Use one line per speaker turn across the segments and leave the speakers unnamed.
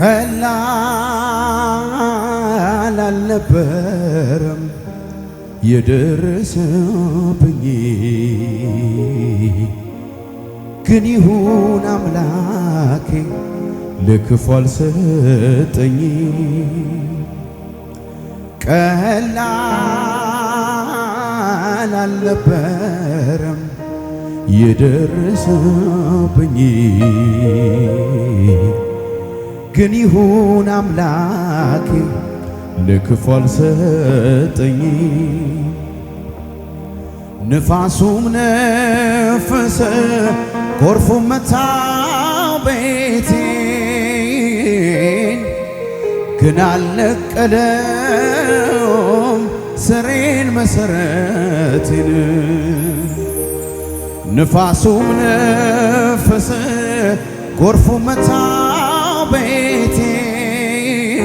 ቀላል አልነበረም የደረሰብኝ ግን ይሁን አምላኬ ለክፉ አልሰጠኝ። ቀላል አልነበረም የደረሰብኝ ግን ይሁን አምላኬ ለክፉ አልሰጠኝ ንፋሱም ነፈሰ ጎርፉም መታው ቤቴን ግን አልነቀለውም ስሬን መሰረቴን ንፋሱም ነፈሰ ጎርፉም መታው ቤቴን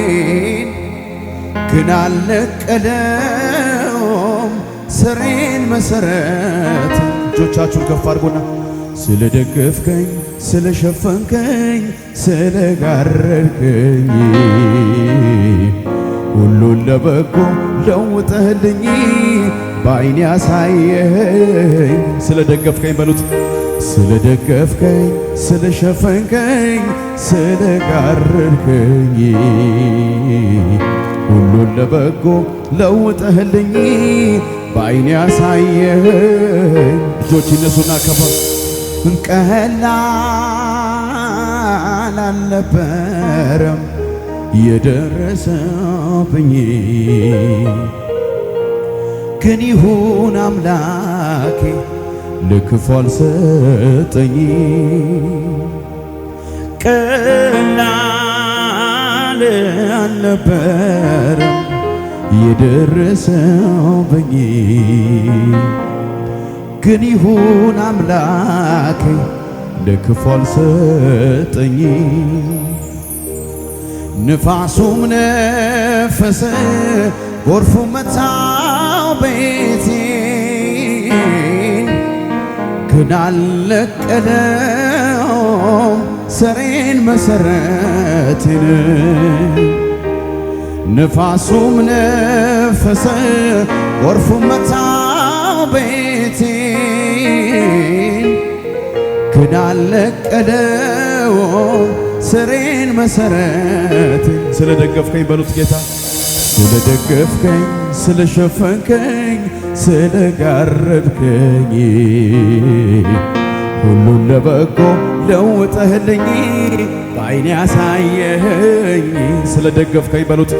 ስሬን ግን አልነቀለውም ስሬን መሰረት እጆቻችሁን ከፍ አድርጉና ስለደገፍከኝ ስለሸፈንከኝ ስለጋረድከኝ ሁሉን ለበጎ ለውጠህልኝ በዓይኔ ያሳየኸኝ ስለደገፍከኝ በሉት ስለ ደገፍከኝ፣ ስለ ሸፈንከኝ፣ ስለ ጋረድከኝ ሁሉን ለበጎ ለውጠህልኝ በዓይኔ ያሳየኸኝ እጆች እነሱና ከባ ቀላል አልነበረም የደረሰብኝ ግን ይሁን አምላኬ ለክፉ አልሰጠኝ ቀላል አልነበረ የደረሰብኝ ግን ይሁን አምላኬ ለክፉ አልሰጠኝ ንፋሱም ነፈሰ ጎርፉ መታው ቤቴ كن عليك اليوم سرين مسرتنا نفاس ومنفس غرف متاع بيتي كن عليك اليوم سرين مسرتنا سلا دقفكين بلوت جيتا سلا دقفكين سلا شفكين ስለጋረድከኝ ሁሉን ለበጎ ለውጠህልኝ በዓይኔ ያሳየኸኝ ስለደገፍከኝ በሉት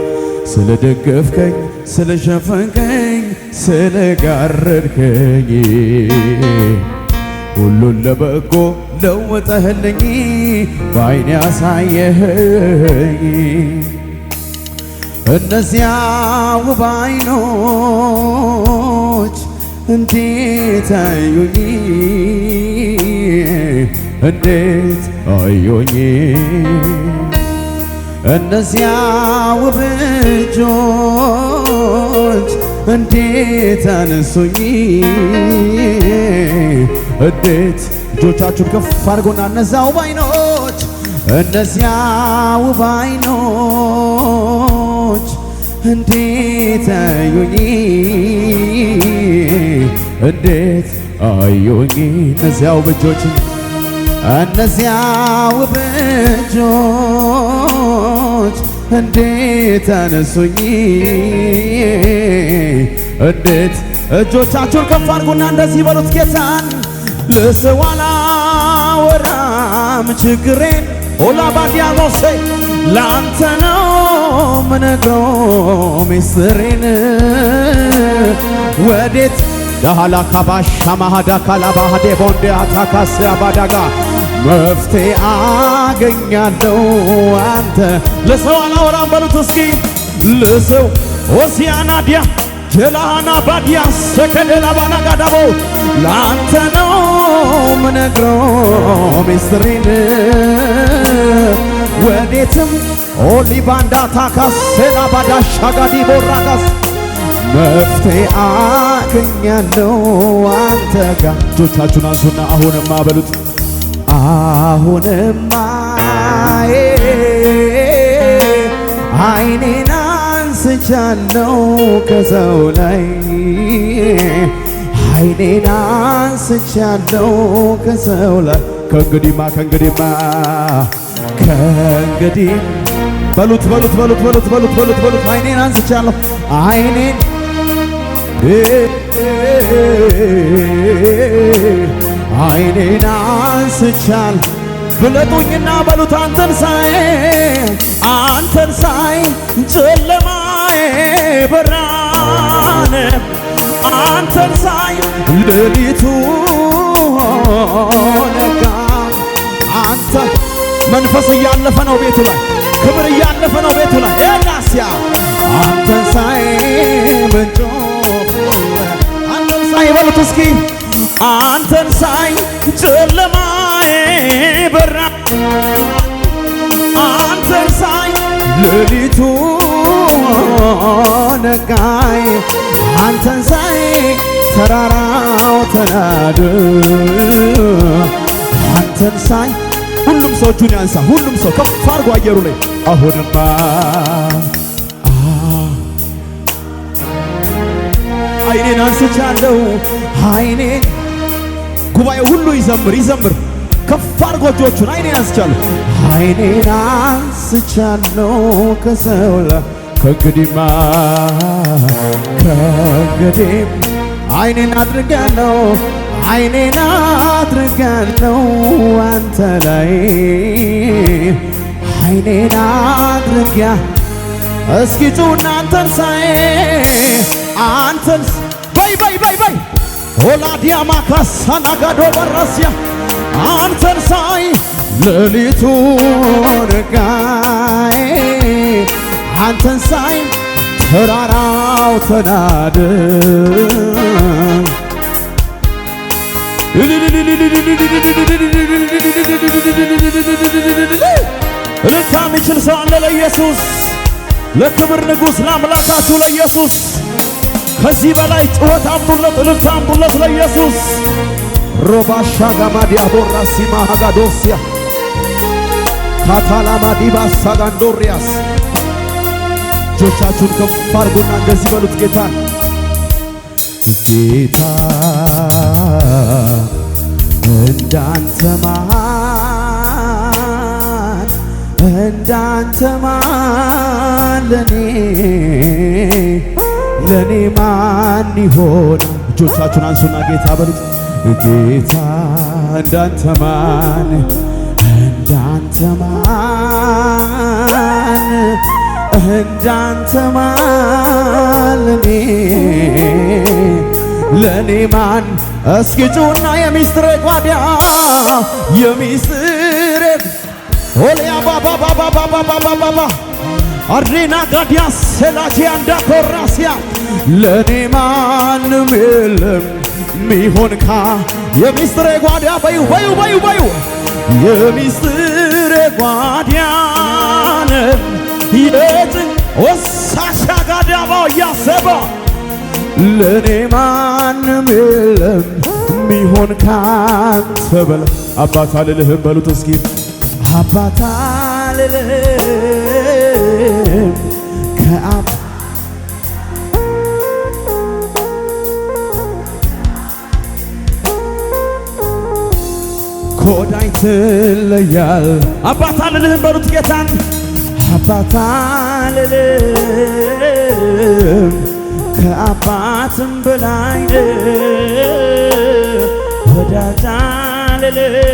ስለደገፍከኝ ስለሸፈንከኝ ስለጋረድከኝ ሁሉን ለበጎ ለውጠህልኝ በዓይኔ ያሳየኸኝ ከእነዚያ ውብ ዓይኖች እንዴት አዩኝ እንዴት አዩኝ እነዚያ ውብ እጆች እንዴት አነሱኝ እንዴት እጆቻችሁን ከፍ አድርጎና እነዚያ ውብ ዓይኖች እነዚያ ውብ ዓይኖች እንዴት አዩኝ እንዴት አዩኝ እነዚያው በእጆች እነዚያው በእጆች እንዴት አነሱኝ እንዴት እጆቻችሁን ከፍ አድርጉና እንደዚህ በሉት ጌታን ለሰው ወራም ችግሬን ኦላ ባዲያሞሴ ለአንተ ነው ምነግረው ምስሬን ወዴት ዳህላ ካባሻ ማሃዳ ካላባሃዴ ቦንዴ አታካስ አባዳጋ መፍትሄ አገኛለሁ አንተ ለሰው አላወራም በሉት እስኪ ለሰው ሆሲያና ጀላሃና ባዲያ ሰከደላ ባናጋ ዳቦ ለአንተ ነው ምነግረው ምስሬን ወዴትም ኦሊባንዳ ታካስ ሴና ባዳሻ ጋዲ ቦራጋስ መፍትሄ አገኛለው አንተ ጋር። እጆቻችሁን አንሱና አሁንማ በሉት አሁንማ አይኔን አንስቻለው ከሰው ላይ አይኔን አንስቻለው ከሰው ላይ ከእንግዲማ ከእንግዲማ ከእንግዲህ በሉት በሉት በሉት በሉት በሉት በሉት በሉት አይኔን አንስቻለሁ አይኔን አይኔን አንስቻለሁ ብለጡኝና በሉት አንተን ሳይ አንተን ሳይ ጨለማዬ በራነ አንተን ሳይ ሌሊቱ ነጋ አንተ መንፈስ እያለፈ ነው ቤቱ ላይ ክብር እያለፈ ነው ቤቱ ላይ ዳስያ አንተን ሳይ ብጮ አንተን ሳይ በሉት እስኪ አንተን ሳይ ጨለማዬ በራ አንተን ሳይ ሌሊቱ ነጋይ አንተን ሳይ ተራራው ተናድ አንተን ሳይ ሁሉም ሰው እጁን ያንሳ። ሁሉም ሰው ከፍ አድርጎ አየሩ ላይ አሁንማ አይኔን አንስቻለሁ አይኔን ጉባኤ ሁሉ ይዘምር ይዘምር ከፍ አድርጎ እጆቹን አይኔን አንስቻለሁ አይኔን አንስቻለሁ ከሰው ላይ ከእንግዲህማ ከእንግዲህም አይኔን አድርጋለሁ አይኔን አድርጋለሁ አንተ ላይ አይኔን አድርጊያ እስኪ ጩና አንተንሳዬ አንተንስ በይ በይ በይ በይ ኦላዲያ ማካሳናጋዶ በራሲያ አንተንሳይ ሌሊቱን ጋይ አንተንሳይ ተራራው ተናድ ልካ የሚችል ሰው አለ ለኢየሱስ ለክብር ንጉሥ ለአምላካችሁ ለኢየሱስ ከዚህ በላይ ጩኸት አምጡለት፣ እልልታ አምጡለት ለኢየሱስ ሮባሻ ጋማዲያ ቦራ ሲማ ሃጋዶስያ ካታላማ ዲባሳ ጋንዶሪያስ እጆቻችሁን ከፍ አድርጉና እንደዚህ በሉት ጌታ ጌታ እንዳንተማ እንዳንተ ማን ለኔ ለኔ ማን ይሆን እጆቻችሁን አንሱና ጌታ በሉ ጌታ እንዳንተ ማን እንዳንተ ማን እንዳንተ ማን ለኔ ለኔ ማን እስኪ ጩና የሚስጥር ጓዳ የሚስጥር ኦሊያ ባባባባባባባባባ አሪና ጋዲያ ሴላሲያ እንዳኮራሲያ ለእኔ ማንም የለም ሚሆንካ የሚስጥሬ ጓዲያ በዩ በዩ በዩ በዩ የሚስጥሬ ጓዲያነ የት ወሳሻ ጋዳባ እያሰባ ለእኔ ማንም የለም ሚሆን ካንተ አባት አልልህም በሉት እስኪ አባት አልልም ከአብ ኮዳኝ ትለያል አባት አልልህም በሉት ጌታን አባት አልልም ከአባትም በላይ ወዳጅ አልልም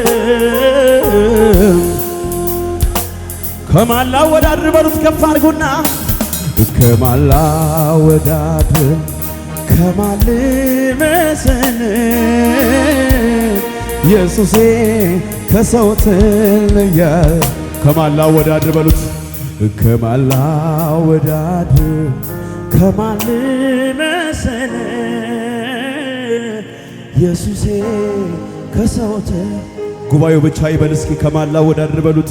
ከማላ ወዳድር በሉት ከፍ አድርጉና ከማላ ወዳድር ከማል መሰን ኢየሱሴ ከሰው ትለየ ከማላ ወዳድር በሉት ከማላ ወዳድር ከማል መሰን ኢየሱሴ ከሰው ጉባኤው ብቻ ይበል እስኪ ከማላ ወዳድር በሉት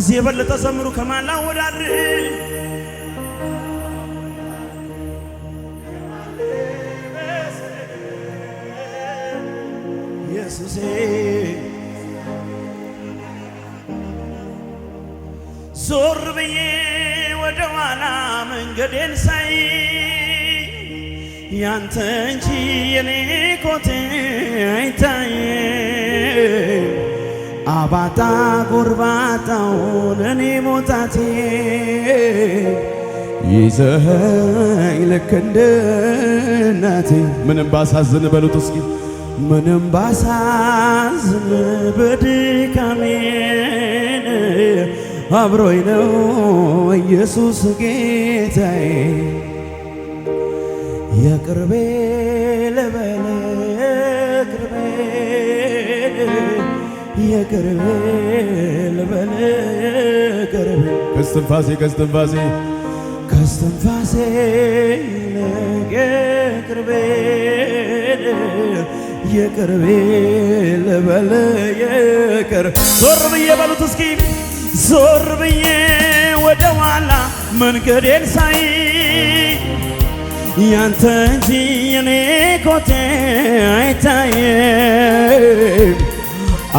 ከዚህ የበለጠ ዘምሩ። ከማላ ላወዳድር? ኢየሱሴ ዞር ብዬ ወደ ኋላ መንገዴን ሳይ ያንተ እንጂ የኔ ኮቴ አይታየ አባጣ ጎርባጣውን እኔ ሞታቴ ይዘኸኝ ልክ እንደ እናቴ ምንም ባሳዝን በሉት እስኪ ምንም ባሳዝን በድካሜ አብሮይ ነው ኢየሱስ ጌታዬ የቅርቤ ልበለ የቅርቤ ልበል የቅርቤ ከስትንፋሴ ከስትንፋሴ ከስትንፋሴ ይልቅ የቅርቤ የቅርቤ ልበል ዞር ብዬ በሉት እስኪ ዞር ብዬ ወደ ኋላ መንገዴን ሳይ ያንተ እንጂ የኔ ኮቴ አይታየም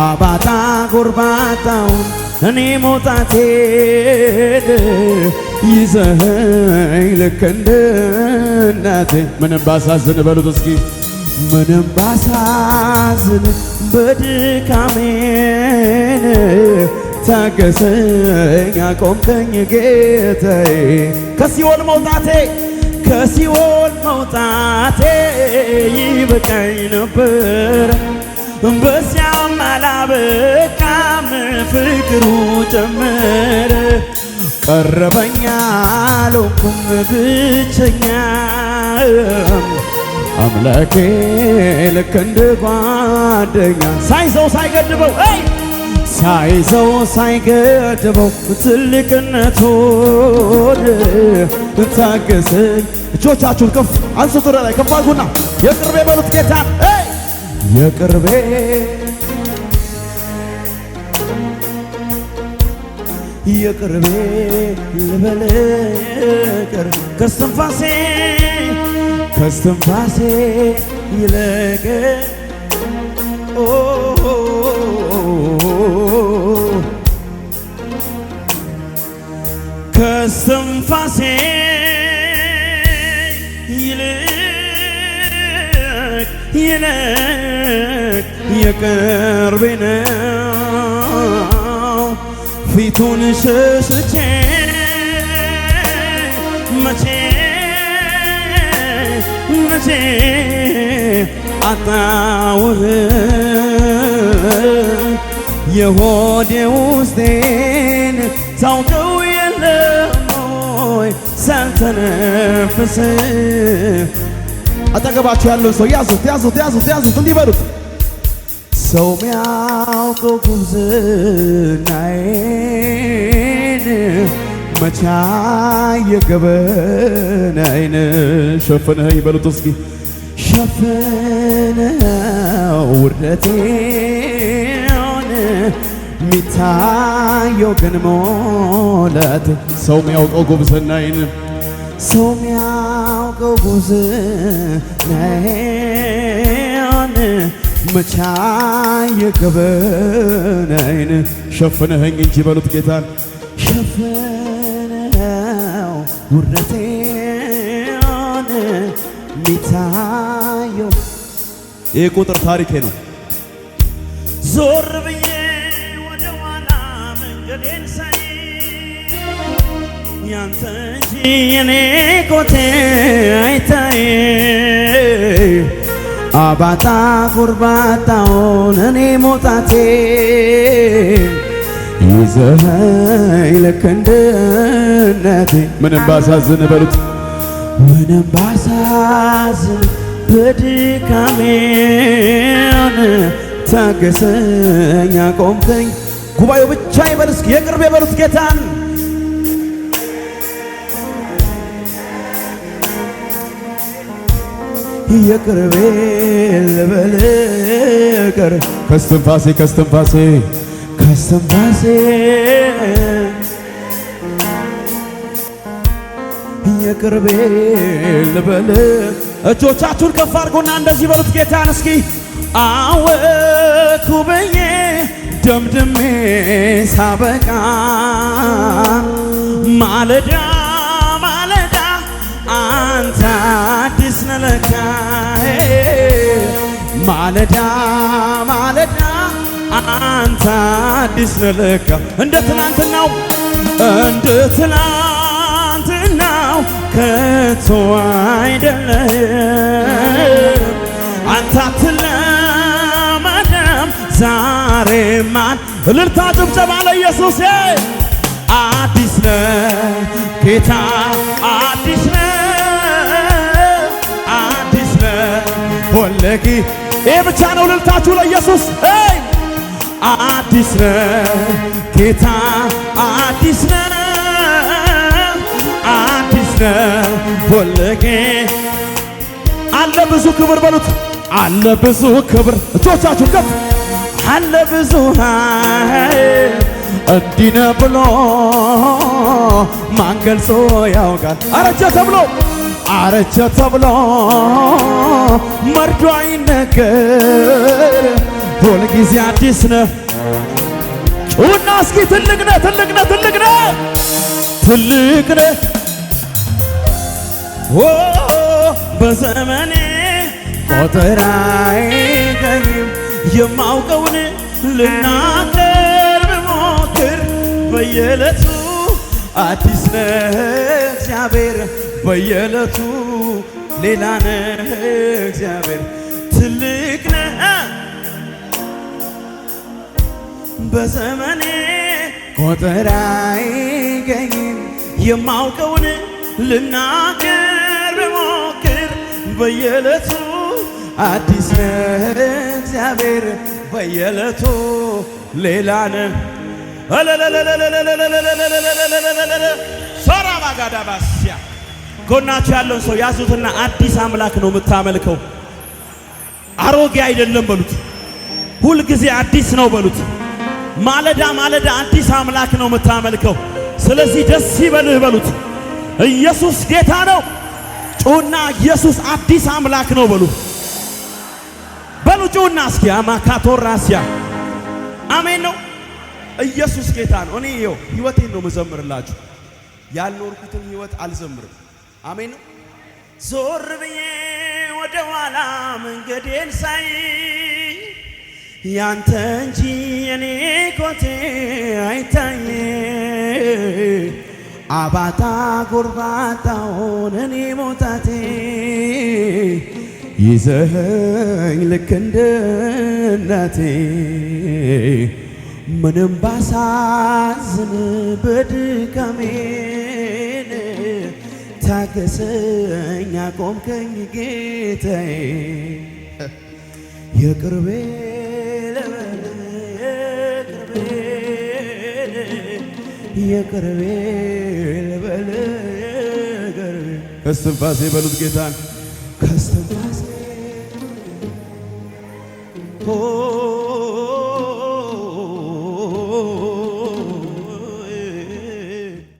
አባጣ ጎርባጣውን እኔ ሞጣቴን ይዘኸኝ ልክ እንደ እናቴ ምንም ባሳዝን በሉት እስኪ ምንም ባሳዝን በድካሜን ታገሰኝ አቆምከኝ ጌታዬ ከሲኦል መውጣቴ ከሲኦል መውጣቴ ይበቃኝ ነበር በዚያም አላበቃም ፍቅሩ ጨመረ። ቀረበኛ አልሆንኩም ብቸኛ አምላኬ ልክ እንደ ጓደኛ ሳይዘው ሳይገድበው ሳይዘው ሳይገድበው ትልቅነቱን ታገሰኝ። እጆቻችሁን ከፍ አንስቶ ላይ ከፍ አድርጉና የቅርቤ በሉት ጌታን የቅርቤ የቅርቤ ልበል ቅርብ ከስትንፋሴ ከስትንፋሴ ይለቅ ከስትንፋሴ ይልቅ የቅርቤ ነው ፊቱን ስስቼ መቼ መቼ አጣውህ የሆዴ ውስጤን ታውቀው የለም ወይ ሳልተነፍስ አጠገባችሁ ያለውን ሰው ያዙት ያዙት ያዙት ያዙት እንዲህ በሉት። ሰው ሚያውቀው ጉብዝናዬን መቻ የገበናዬን ሸፍነኸኝ ይበሉት እስኪ ሸፈነ ውርደቴን ሚታየው ግን ሞላት ሰው ሚያውቀው ጉብዝናዬን ሰው ሚያውቀው ጉዝናዬን መቻየ ገበናዬን ሸፍነኸኝ እንጂ በሉት ጌታን ሸፍነው ውረቴን ሚታየው ይህ ቁጥር ታሪኬ ነው። ዞር ብዬ ወደ ኋላ መንገዴን አንተ እንጂ እኔ ቆቴ አይታይ አባጣ ጎርባጣውን እኔ ሞጣቴ ይዘኸኝ ልክ እንደ እናቴ ምንም ባሳዝን በሉት ምንም ባሳዝን በድካሜን ታገሰኝ አቆምተኝ ጉባኤው ብቻ ይበል እስኪ የቅርብ የበሉት ጌታን የቅርቤ ልበል ቅር ከስትንፋሴ ከስትንፋሴ ከስትንፋሴ የቅርቤ ልበል። እጆቻችሁን ከፍ አድርጎና እንደዚህ በሉት ጌታን እስኪ አወኩ ብዬ ደምድሜ ሳበቃ ማለዳ ስንለካ ማለዳ ማለዳ አንተ አዲስ ነለካ እንደ ትናንትናው እንደ ትናንትናው ከቶ አይደለም አንተ አትለመደም ዛሬማን እልልታ ጭብጨባ ለኢየሱስ አዲስ ነ ጌታ አዲስ ወለጊ ይህ ብቻ ነው ልልታችሁ ለኢየሱስ አዲስ ነው ጌታ አዲስ ነው አዲስ ነው ወለጌ አለ ብዙ ክብር በሉት አለ ብዙ ክብር እጆቻችሁ ከፍ አለ ብዙ ኃይል ብሎ ማን ገልጾ ያውቃል አረጀ ተብሎ አረጀ ተብሎ መርዶ አይነገር ሁልጊዜ አዲስ ነህ ጩና እስኪ ትልቅ ነ ትልቅ ነ ትልቅ ነ ትልቅ ነ በዘመኔ ቁጥር አይገኝም የማውቀውን ልናገር ብሞክር በየዕለቱ አዲስ ነህ እግዚአብሔር በየዕለቱ ሌላ ነህ እግዚአብሔር ትልቅ ነህ በዘመኔ ቆጠር አይገኝም የማውቀውን ልናገር ብሞክር በየዕለቱ አዲስ ነህ እግዚአብሔር በየዕለቱ ሌላ ነህ ሰራ ማጋዳባስ ጎናችሁ ያለውን ሰው ያዙትና አዲስ አምላክ ነው የምታመልከው፣ አሮጌ አይደለም በሉት። ሁልጊዜ አዲስ ነው በሉት። ማለዳ ማለዳ አዲስ አምላክ ነው የምታመልከው፣ ስለዚህ ደስ ይበልህ በሉት። ኢየሱስ ጌታ ነው ጩና፣ ኢየሱስ አዲስ አምላክ ነው በሉ በሉ ጩና እስኪ አማካቶራሲያ አሜን ነው። ኢየሱስ ጌታ ነው። እኔ ይኸው ህይወቴን ነው መዘምርላችሁ። ያልኖርኩትን ህይወት አልዘምርም። አሜን። ዞር ብዬ ወደ ኋላ መንገዴን ሳይ ያንተ እንጂ የኔ ኮቴ አይታየ አባታ ጎርባታ ሆነኔ ሞታቴ ይዘኸኝ ልክ እንደ እናቴ ምንም ባሳዝን በድካሜ ታገሰኝ አቆምከኝ ጌታዬ የቅርቤ የቅርቤ ልበል ከስትንፋሴ በሉት ጌታን ከስትንፋሴ